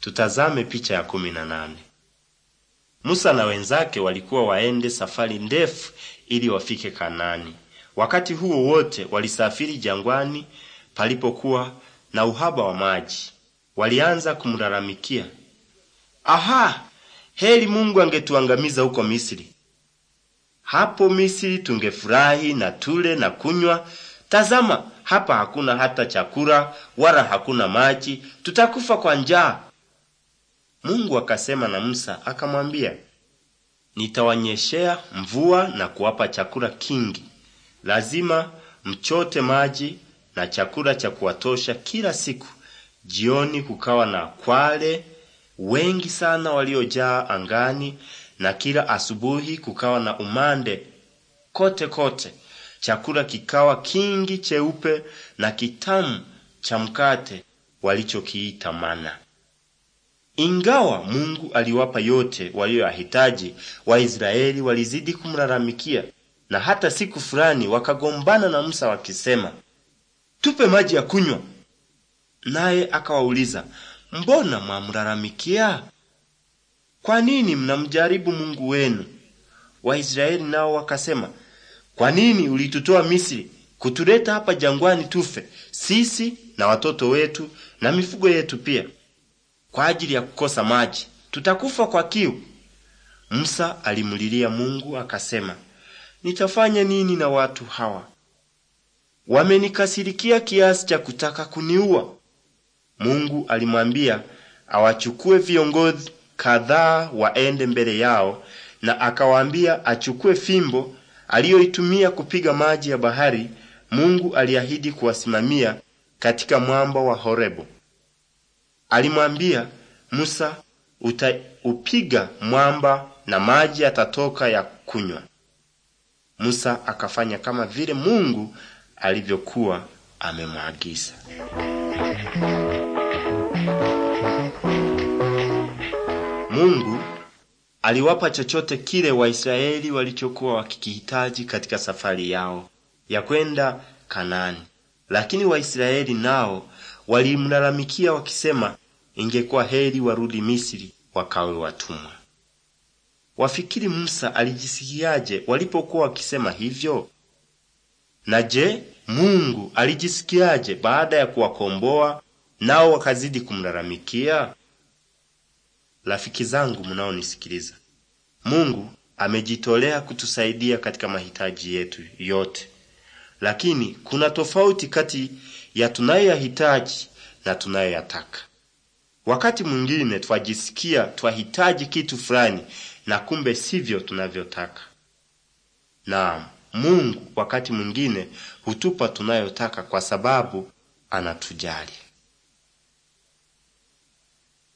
Tutazame picha ya kumi na nane. Musa na wenzake walikuwa waende safari ndefu ili wafike Kanani. Wakati huo wote walisafiri jangwani palipokuwa na uhaba wa maji. Walianza kumlalamikia, aha, heli Mungu angetuangamiza huko Misri. Hapo Misri tungefurahi na tule na kunywa. Tazama, hapa hakuna hata chakula wala hakuna maji, tutakufa kwa njaa. Mungu akasema na Musa akamwambia, nitawanyeshea mvua na kuwapa chakula kingi. Lazima mchote maji na chakula cha kuwatosha kila siku. Jioni kukawa na kwale wengi sana waliojaa angani, na kila asubuhi kukawa na umande kote kote. Chakula kikawa kingi cheupe na kitamu cha mkate walichokiita mana. Ingawa Mungu aliwapa yote waliyoyahitaji, Waisraeli walizidi kumlalamikia, na hata siku fulani wakagombana na Musa wakisema, tupe maji ya kunywa. Naye akawauliza, mbona mwamlalamikia? Kwa nini mnamjaribu Mungu wenu? Waisraeli nao wakasema, kwa nini ulitutoa Misri kutuleta hapa jangwani tufe, sisi na watoto wetu na mifugo yetu pia? kwa ajili ya kukosa maji, tutakufa kwa kiu. Musa alimlilia Mungu akasema, nitafanya nini na watu hawa? Wamenikasirikia kiasi cha kutaka kuniua. Mungu alimwambia awachukue viongozi kadhaa waende mbele yao, na akawaambia achukue fimbo aliyoitumia kupiga maji ya bahari. Mungu aliahidi kuwasimamia katika mwamba wa Horebo alimwambia Musa, utaupiga mwamba na maji yatatoka ya kunywa. Musa akafanya kama vile Mungu alivyokuwa amemwagiza. Mungu aliwapa chochote kile Waisraeli walichokuwa wakikihitaji katika safari yao ya kwenda Kanaani, lakini Waisraeli nao walimlalamikia wakisema, ingekuwa heri warudi Misri wakawe watumwa. Wafikiri Musa alijisikiaje walipokuwa wakisema hivyo? Na je, Mungu alijisikiaje baada ya kuwakomboa nao wakazidi kumlalamikia? Rafiki zangu mnaonisikiliza, Mungu amejitolea kutusaidia katika mahitaji yetu yote, lakini kuna tofauti kati ya tunayoyahitaji na tunayoyataka. Wakati mwingine twajisikia twahitaji kitu fulani na kumbe sivyo tunavyotaka. Naam, Mungu wakati mwingine hutupa tunayotaka kwa sababu anatujali.